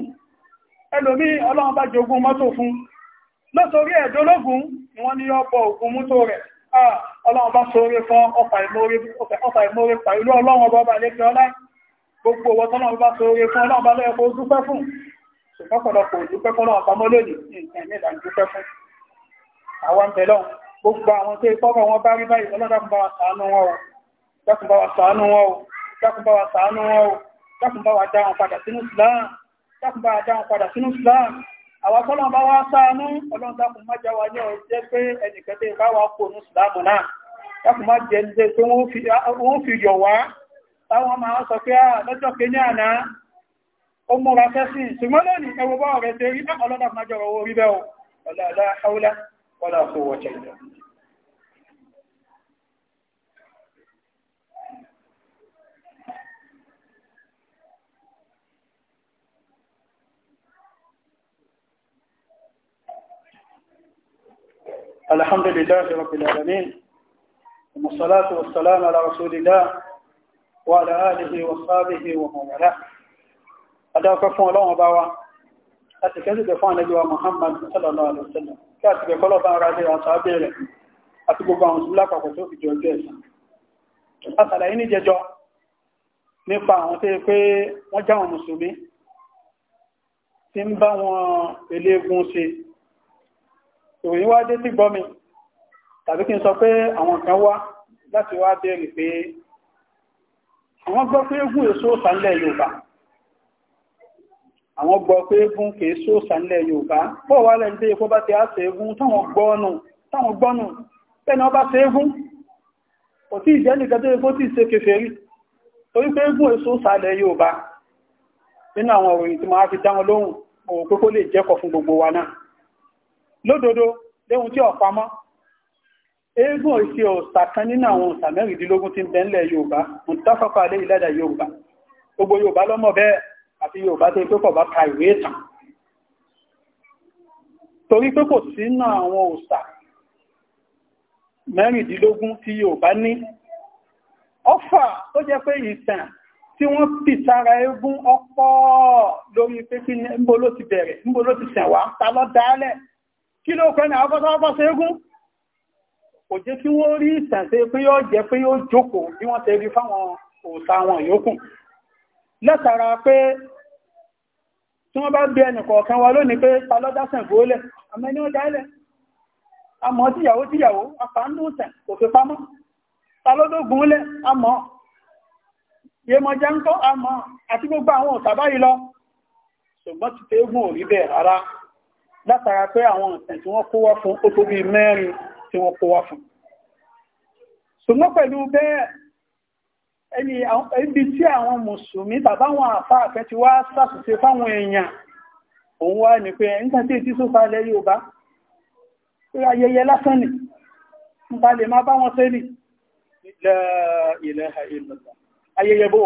ẹlòmí ọlọ́run bá jogún mọ́tò fún lótorí ẹ̀dọ́lógún ni wọ́n ní ọ̀pọ̀ ògùn mọ́tò rẹ̀ ọlọ́run bá sóre fún ọpa ìmóre pàílú ọlọ́run bọba àlẹ́kẹ́ ọlá gbogbo ọwọ́ tọ́lọ́run bá sóre fún ọlọ́run bá lẹ́ẹ̀kọ́ dúpẹ́ fún ṣùgbọ́n pọ̀lọpọ̀ òdúpẹ́ fọ́lọ́run bá mọ́ lónìí nǹkan ní ìlànà dúpẹ́ fún àwọn bẹ̀lọ́ gbogbo àwọn tó ìfọ́kọ̀ wọn bá rí báyìí ọlọ́dàkùn bá wa ṣàánú wọn o dákùn bá wa ṣàánú wọn o dákùn bá wa ṣàánú wọn o dákùn bá wa dá wọn padà sínú Islam dákùn bá wa dá wọn padà sínú Islam àwọn tọ́lọ̀ bá wa ṣàánú ọlọ́run dákùn má jẹ́ wa ní ọ jẹ́ pé ẹnìkẹ́tẹ́ bá wa kò ní Islam náà dákùn má ah, ó múra fẹ́ sí ṣùgbọ́n lónìí ẹwọ bá ọ̀rẹ́ ṣe rí ah, ọlọ́dàkùn má jẹ́ orí bẹ́ẹ̀ o ọ̀lá ولا قوة إلا الحمد لله رب العالمين والصلاة والسلام على رسول الله وعلى آله وصحبه ومن والاه أدعوكم الله وبركاته àti kẹ́sìgbẹ̀ fún àlẹ́gbẹ̀wà Muhammad sallallahu alaihi wasallam kí àti kẹ́kọ́ lọ́bá ara lè àtà abẹ́rẹ̀ àti gbogbo àwọn ìsúlá papọ̀ tó fi jọ ọjọ́ ẹ̀sán àtàlàyé ní jẹjọ nípa àwọn tó yẹ pé wọ́n já wọn mùsùlùmí tí ń bá wọn eléegun ṣe ìròyìn wá dé sí gbọ́mi tàbí àwọn gbọ́ pé eégún kìí sóòsà nílẹ̀ yorùbá pọ̀ wà lẹ́yìn tí epo bá ti á ṣe eégún táwọn gbọ́nù táwọn gbọ́nù bẹ́ẹ̀ ni wọ́n bá ṣe eégún kò tí ìjẹ́ nìkan tó epo tí ṣe kèfèrí torí pé eégún èso sàlẹ̀ yorùbá nínú àwọn òròyìn tí máa fi dá wọn lóhùn òwò pé kó lè jẹ́kọ̀ fún gbogbo wa náà lódodo léhun tí ọ̀pamọ́ eégún ìṣe òòṣà kan nínú àwọn òòṣà mẹ́rìndínlógún tí ń bẹ yorùbá mùtáfàkọ́ alẹ́ ìlàdà yorùbá gbogbo yorùbá lọ́mọ bẹ́ẹ̀ àti Yorùbá tẹ́ pé kò bá ka ìwé ìtàn torí pé kò sí náà àwọn òòṣà mẹ́rìndínlógún tí Yorùbá ní ọfà tó jẹ́ pé ìtàn tí wọ́n pì sára eégún ọ̀pọ̀ lórí pé kí ní mbó ló ti bẹ̀rẹ̀ mbó ló ti sẹ̀wá ta lọ dálẹ̀ kí ló kọ́ ní àwọn ọkọ̀ṣẹ́ kò jẹ́ kí wọ́n rí ìtàn sí pé yóò jẹ́ pé yóò jókòó bí wọ́n ti rí fáwọn òòṣà wọn yòókù látara pé tí wọ́n bá gbé ẹnìkọ̀ọ̀kan wa lónìí pé palọ́dásẹ̀ gbóólẹ̀ àmẹ́ni ó dálẹ̀ àmọ́ tíyàwó tíyàwó àpáńdùsẹ̀ kò fi pamọ́ palọ́dógúnlẹ̀ àmọ́ yẹmọjá àmọ́ àti gbogbo àwọn ọ̀tà báyìí lọ ẹni ibi tí àwọn mùsùlùmí bàbá wọn àfá àfẹ́ ti wá sàtúnṣe fáwọn èèyàn òun wá ní pé ẹni tàbí tí sófà lẹ́ Yorùbá ayẹyẹ lásán ni ń bá lè máa bá wọn sẹ́lì la ilaha illallah ayẹyẹ bó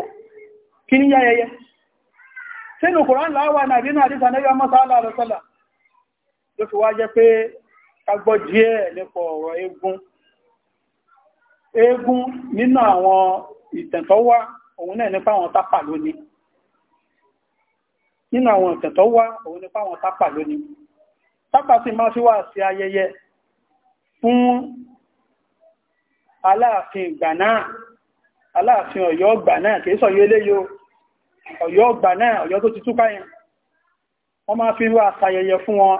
kí ní yáyẹyẹ sínú Kùránì láwà nàbí náà àdísà náà yọmọ sáàlá àlọ́sọ́là ló fi wá jẹ́ pé kagbọ́ ìtẹ̀tọ́ wá òun náà nípa àwọn tápà lónìí nínú àwọn ìtẹ̀tọ́ wá òun nípa àwọn tápà lónìí tápà sì máa fi wá sí ayẹyẹ fún aláàfin ìgbà náà aláàfin ọ̀yọ́ ọgbà náà kìí sọ yóò léyò ọ̀yọ́ ọgbà náà ọ̀yọ́ tó ti túká yẹn wọ́n máa fi wá ṣayẹyẹ fún wọn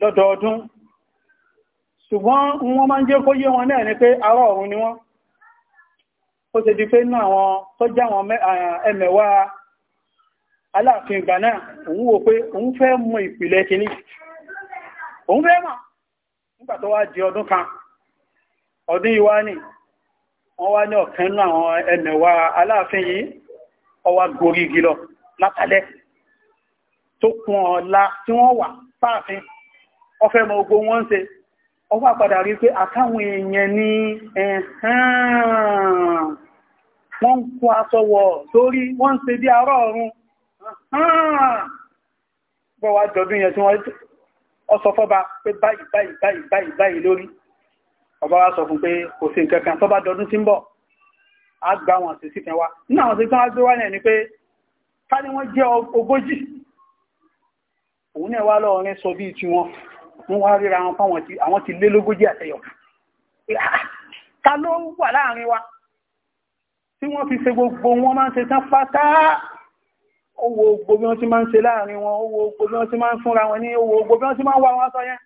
lọ́dọọdún ṣùgbọ́n wọ́n máa ń jẹ́ kó yé wọn náà ni pé ará ọ̀run ni wọ́n ó ṣe di pé inú àwọn tó já àwọn ẹmẹ̀wà aláàfin ìgbà náà òun wò pé òun fẹ́ mọ ìpìlẹ̀ kìíní òun fẹ́ mọ̀ nígbà tó wá di ọdún kan ọdún yìí wá ní wọ́n wá ní ọ̀kan inú àwọn ẹmẹ̀wà aláàfin yìí ọwá gorí lọ látàlẹ́ tó kún ọ̀la tí wọ́n wà sáàfin ọfẹ́ mọ ogbó wọ́n ń ṣe ọwá padà rí pé àtàwọn èèyàn ní ẹ̀hán wọ́n kó aṣọwọ̀ sórí wọ́n se ṣe bí arọ́ ọ̀run bọ́wà jọdún yẹn tí wọ́n ọsọ fọ́ba pé báyìí báyìí báyìí báyìí báyìí lórí ọba wa sọ fún pé kò sí nǹkan kan tọ́ba dọdún tí ń bọ̀ á gba wọn sí síkẹ wa nínú àwọn sí tán gbé wá náà ni pé ká ní wọ́n jẹ́ ogójì òun náà wá lọ́ọ̀rin sọ bí ti wọn wọ́n wá ríra wọn fáwọn tí àwọn ti lé lógójì àtẹyọ ah, ta ló wà láàrin wa tí wọ́n fi ṣe gbogbo wọn máa ń ṣe tán pátá owó gbogbo bí wọ́n ti máa ń ṣe láàrin wọn owó gbogbo bí wọ́n ti máa ń fúnra wọn ní owó gbogbo bí wọ́n máa ń wá wọn sọ yẹn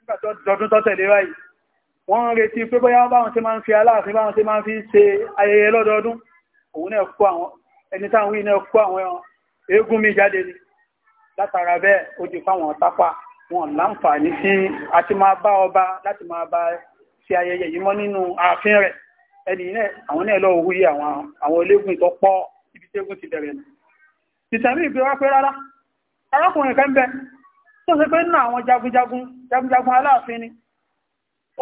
nígbà tó dọdún tó tẹ̀lé báyìí wọ́n ń retí pé bóyá báwọn ti máa ń fi aláàfin báwọn ti máa ń fi ṣe ayẹyẹ lọ́dọọdún òun náà kó àwọn ẹni táwọn yìí náà kó àwọn eégún mi jáde ni látara bẹ́ẹ̀ ó di fáwọn tápà wọn láǹfààní sí àti máa bá ọba láti máa bá ṣe ayẹyẹ yìí mọ́ nínú ààfin rẹ̀ ẹni àwọn náà lọ wúyé àwọn olégún tó pọ̀ ibi tégún ti bẹ̀rẹ̀ nù ìsẹ̀mí ìgbé wá pé rárá arákùnrin kan bẹ tó ṣe pé nínú àwọn jagunjagun jagunjagun aláàfin ni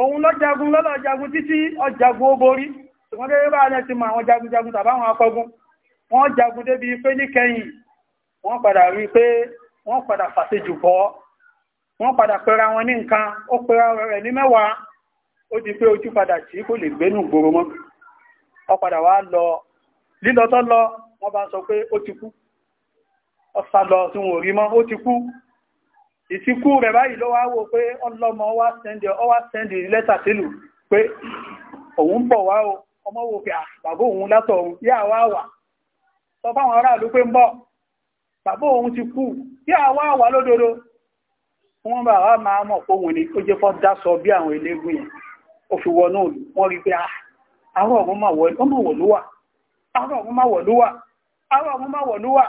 òun lọ jagun lọ́lọ́ jagun títí ọjagun ó borí ṣùgbọ́n gẹ́gẹ́ bá alẹ́ ti mọ àwọn jagunjagun tàbáwọn akọgun wọ́n jagun débi pé ní kẹ́yìn wọ́n padà rí pé wọ́n padà fàṣejù bọ́ wọ́n padà pera wọn ní nǹkan ó pera rẹ̀ ní mẹ́wàá ó ti pé ojú padà tí kò lè gbénú gbòrò mọ́ ọ padà wá lọ lílọ tó lọ wọ́n bá sọ pé ó ti kú ọ̀sà lọ tí wọ́n rí mọ́ ó ti kú ìtìkú rẹ̀ báyìí ló wá wò pé ọlọ́mọ wá sẹ́ndì ọ wá sẹ́ndì lẹ́tà sílù pé òun bọ̀ wá o ọmọ wà sọ fáwọn bàbá òun ti kú yà wá wà lódodo ó fi wọnú òlù wọ́n rí pé àárọ̀ ah, ọ̀run máa wọ̀ ló wà àárọ̀ ọ̀run máa wọ̀ wà àárọ̀ máa wọ̀ wà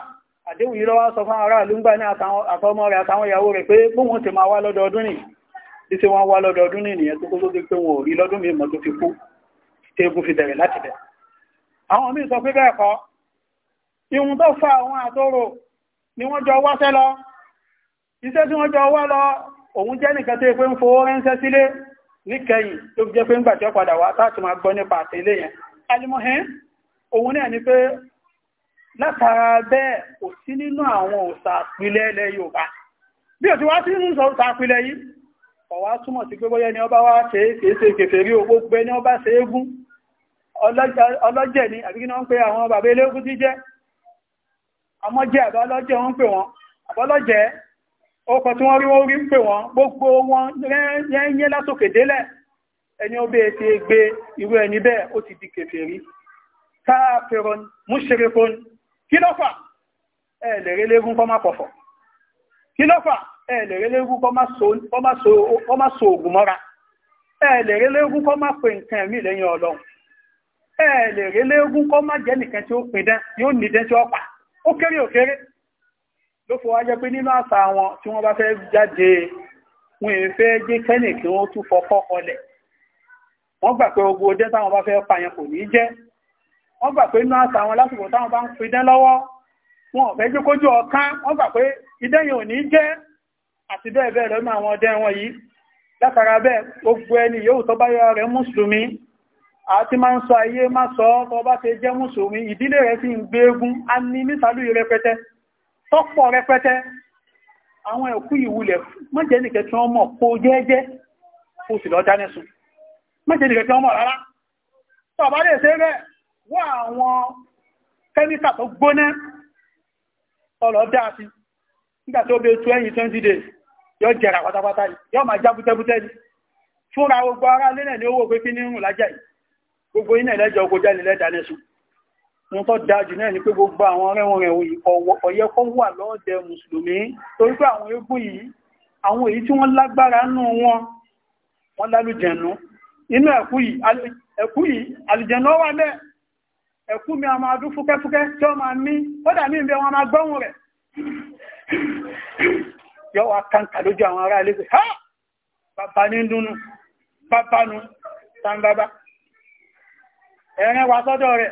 àdéhùn lọ́wọ́ sọ fún aráàlú ń gbà ní àtọmọ rẹ̀ àtàwọn ìyàwó rẹ̀ pé bóun ti máa wá lọ́dọọdún nìyí wọ́n wá lọ́dọọdún tó wọn ò rí lọ́dún mi tó fi kú tí fi bẹ̀rẹ̀ láti àwọn míì sọ ni wọ́n jọ níkẹyìn tó jẹ́ pé ńgbà tí ó padà wá táàtù máa gbọ́ nípa àtẹ́lé yẹn alimohen òun náà ni pé látara bẹ́ẹ̀ kò sí nínú àwọn òsà àpilẹ̀ ilẹ̀ Yorùbá bí òtí wá sí nínú òsà àpilẹ̀ yìí ọ̀wá túmọ̀ sí pé ni ọba wá ṣe rí owó gbé ní ọba ṣe égún ọlọ́jẹ̀ ni àbí kí wọ́n pe àwọn bàbá ọkọ̀ tí wọ́n rí wọ́n rí ń pè wọ́n gbogbo wọn yẹ́yẹ́ látòkè délẹ̀ ẹni ó bèé ti gbé irú ẹni bẹ́ẹ̀ ó ti di kèfèrí káàfẹ́rọ́n múṣẹ́rẹ́fọ́n kí ló fà ẹ̀lẹ̀rẹ́ légún kọ́ má pọ̀fọ̀ kí ló fà ẹ̀lẹ̀rẹ́ légún kọ́ má so ògùn mọ́ra ẹ̀lẹ̀rẹ́ légún kọ́ má pè nǹkan ẹ̀mí lẹ́yìn ọlọ́run ẹ̀lẹ̀rẹ́ légún kọ́ má jẹ́ nìkan tí ó pin dán yóò ní dán tí ó pa ó ló fọwọ́ jẹ́ pé nínú àṣà wọn tí wọ́n bá fẹ́ jáde wọn èyí fẹ́ jẹ́ kẹ́nì kí wọ́n tún fọkọ́ ọlẹ̀ wọ́n gbà pé ogun ọdẹ táwọn bá fẹ́ pa kò ní jẹ́ wọ́n gbà pé nínú àṣà wọn lásìkò táwọn bá ń lọ́wọ́ wọn ò fẹ́ jẹ́ kójú ọ̀kan pé ò ní jẹ́ àti bẹ́ẹ̀ bẹ́ẹ̀ lọ́nà àwọn ọdẹ wọn yìí látara bẹ́ẹ̀ ẹni yóò tọ́ bá rẹ̀ mùsùlùmí àti máa tọ́pọ̀ rẹpẹtẹ àwọn ẹ̀kú iwu mọ́jẹ́ nìkẹ́ tí wọ́n mọ̀ kó jẹ́ẹ́jẹ́ kó sì lọ dáná sun mọ́jẹ́ nìkẹ́ tí wọ́n mọ̀ rárá tọ́ọ̀bá lè ṣe rẹ̀ wọ́n àwọn kẹ́míkà tó gbóná ọlọ́ nígbà 20 days yóò jara pátápátá yóò máa ma bútẹ́bútẹ́ fúnra gbogbo ara lẹ́nà owó gbogbo iná ní tó dájú náà ni pé gbogbo àwọn rẹ̀wọ̀n rẹ̀ ọ̀yẹ́ kọ́ wà lọ́ọ̀dẹ mùsùlùmí torí pé àwọn eégún yìí àwọn èyí tí wọ́n lágbára nù wọn wọ́n lálùjẹ̀nú inú ẹ̀kú yìí àlùjẹ̀nú wà lẹ́ ẹ̀kú mi a máa dún fúkẹ́fúkẹ́ tí ó máa mí ó dà mí ìbẹ̀ wọn máa gbọ́hùn rẹ̀ yọ wá kàǹkà lójú àwọn ará ilé ní ẹ̀rẹ́ wa sọ́dọ̀ rẹ̀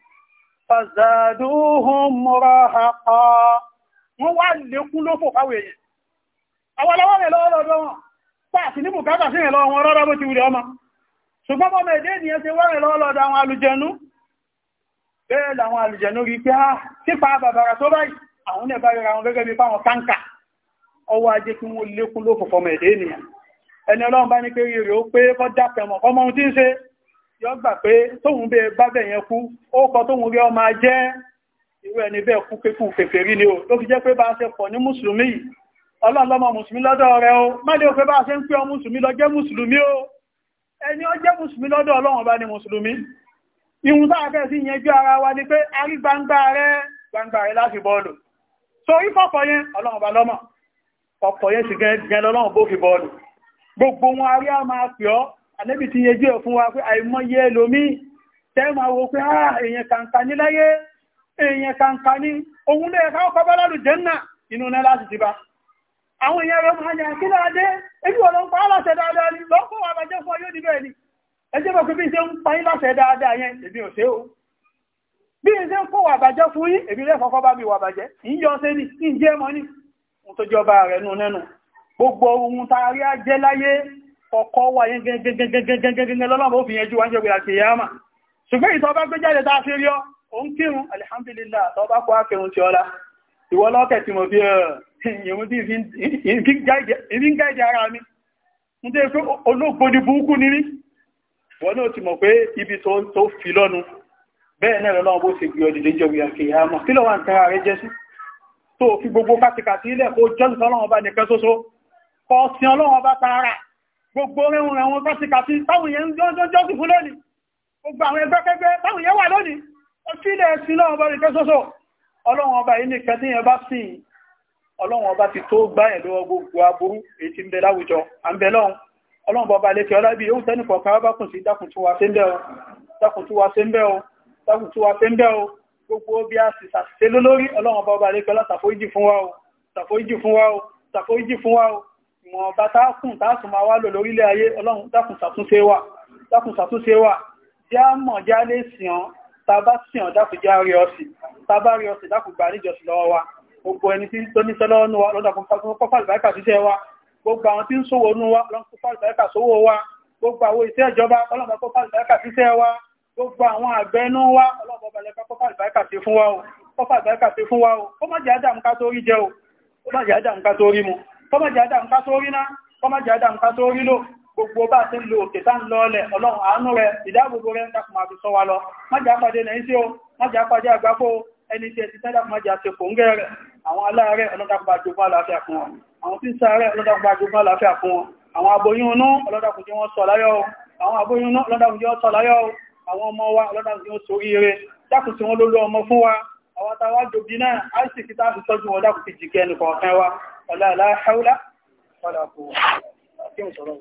fàzàdúhùn múra àpá wọ́n wá lékún lófò fáwẹ̀ èèyàn àwọn ọlọ́wọ́ rẹ̀ lọ́rọ̀ wọn pàtí ní bùkátà sí ìrìnlọ wọn rọ́rọ́ bó ti wùlẹ̀ ọmọ ṣùgbọ́n bọ́ mẹ́ẹ̀dẹ́ ènìyàn ṣe wọ́n rẹ̀ lọ́lọ́dọ̀ àwọn alùjẹnú bẹ́ẹ̀ làwọn alùjẹnú rí pé ah, yọ gbà pé tóun bẹ́ẹ̀ bá bẹ̀ yẹn kú ó kọ tóun rí ọmọ ajẹ́ irú ẹni bẹ́ẹ̀ kú kékù kèfèrí ni o ló fi jẹ́ pé bá a ṣe pọ̀ ní mùsùlùmí ọlọ́lọ́mọ mùsùlùmí lọ́dọ̀ rẹ o má lè pé bá a ṣe ń pé ọ mùsùlùmí lọ jẹ́ mùsùlùmí o ẹni ọ jẹ́ mùsùlùmí lọ́dọ̀ ọlọ́run bá ní mùsùlùmí ihun tá a fẹ́ sí yẹn jẹ́ ara wa ni pé a rí gbangba rẹ gbangba rẹ láti bọ́ọ̀lù torí fọ́pọ̀ yẹn ọlọ́run bá lọ́mọ ọ̀pọ̀ yẹn sì gẹ́gẹ́ lọ́lọ́run bó fi bọ́ọ̀lù gbogbo wọn a rí a máa pè ọ́ ànábì ti yẹjú ẹ̀ fún wa pé àìmọye ẹlòmí tẹ́mà wo pé á ah, èèyàn kàǹkà ní láyé èèyàn kàǹkà ní ohun lẹ́ẹ̀ káwọ́ kọ́bá lọ́rù jẹ́nà inú náà láti ti bá àwọn èèyàn rẹ̀ máa yàn kí láadé ebi wọ́n lọ pa á láṣẹ dáadáa ni lọ́pọ̀ àbájẹ́ fún ọyọ́ níbẹ̀ ni ẹjẹ́ bọ̀ pé bí ṣe ń pa yín láṣẹ dáadáa yẹn èmi ò ṣe o bí ṣe ń kó wà bàjẹ́ fún yín èmi lẹ́ẹ̀ ọkọ̀ wà yẹn gẹ́gẹ́gẹ́gẹ́gẹ́gẹ́gẹ́ lọ́lọ́run ó fi yẹn jú wáńjẹ́ wíra ti yáàmà ṣùgbọ́n ìtọ́ bá gbé jáde tá a fi rí ọ òun kírun alihamdulillah tọ́ bá kọ́ àkẹrun ti ọlá ìwọ lọ́kẹ̀ tí mo fi ẹ̀rùn tí ìfi ń gáìdì ara mi ń tẹ́ pé olóògbòdì burúkú ní rí wọ́n náà ti mọ̀ pé ibi tó fi lọ́nu bẹ́ẹ̀ náà lọ́wọ́ bó ṣe gbé ọdìdé jẹ́ wíyà kìí àmọ́ kí lọ́wọ́ nǹkan ààrẹ jẹ́ sí tó fi gbogbo kátìkàtì ilẹ̀ kó jọ́sìn ọlọ́wọ́ bá nìkan ṣoṣo kọ́ sin ọlọ́wọ́ bá tààrà gbogbo rẹ̀hùn rẹ̀hùn tó ti kàtí táwọn yẹn jọ́ sí fún lónìí gbogbo àwọn ẹgbẹ́ kẹgbẹ́ táwọn yẹn wà lónìí ó kí ilẹ̀ sí náà bá rí pé sóso ọlọ́run ọba yìí nìkan tí yẹn bá sì ọlọ́run ọba ti tó gbá ẹ̀ lọ́wọ́ gbogbo aburú èyí ti ń bẹ láwùjọ à ń bẹ lọ́hùn ọlọ́run bọba lè fi ọlá bí yóò tẹ́nu kọ̀ọ̀kan bá kùn sí dákùn tí wà sí ń bẹ́ o dákùn tí wà sí ń bẹ́ o dákùn tí wà sí ń bẹ́ o gbogbo bí a sì ṣàṣìṣe lólórí ọlọ́run bọba lè fi ọlá tàfójì fún wa o tàfójì fún wa o tàfójì fún wa o wọn bá tákùn tákùn máa wá lò lórílẹ̀ ayé ọlọ́run dákùn ṣàtúnṣe wa dákùn ṣàtúnṣe wa já mọ̀ já lè sìn ọ́ ta bá sìn ọ́ dákùn já rí ọ̀sìn ta bá rí ọ̀sìn dákùn gbà níjọsìn lọ́wọ́ wa gbogbo ẹni tí tó ní sẹ́lọ́ nu wa lọ́dàkùn pápá àlùbáríkà ṣiṣẹ́ wa gbogbo àwọn tí ń ṣòwò nu wa lọ́dàkùn pápá àlùbáríkà ṣòwò wa gbogbo àwọn iṣẹ́ ìjọba ọlọ́dàkùn pápá àlùbáríkà ṣiṣẹ́ wa gbogbo àwọn àgbẹnú wa ọlọ́dàkùn pápá àlùbáríkà ṣe fún wa o pápá àlùbáríkà ṣe fún wa o ó má jẹ́ àdàmú ká tó rí jẹ o ó má jẹ́ àdàmú ká tó rí mu kọmọ jàdá nǹkan tó rí ná kọmọ jàdá nǹkan tó rí lò gbogbo bá ti ń lo òkè tá ń lọ ọlẹ̀ ọlọ́run àánú rẹ ìdáàbòbò rẹ ń takùn àbí sọ wa lọ mọ́jà pàdé lẹ́yìn sí o mọ́jà pàdé àgbákò ẹni tí ẹ ti tẹ́lẹ̀ mọ́jà ti kò ń gẹ́ rẹ̀ àwọn aláàárẹ̀ ọlọ́dàkùnbà jogún àlàáfíà fún wọn àwọn tí ń sáré ọlọ́dàkùnbà jogún àlàáfíà fún wọn àwọn aboyún inú ọlọ́dàkùn tí wọ́n sọ láyọ̀ àwọn aboyún inú ọlọ́dàkùn tí wọ́n sọ láyọ̀ àwọn ọmọ wa ọlọ́dàkùn tí wọ́n sọ oríire dákùn tí wọ́n lólú ọmọ fún wa àwọn tàwa jòbí náà àìsìkítà fi ọlá aláhàúlá ọlá kò wà kí n sọ̀rọ̀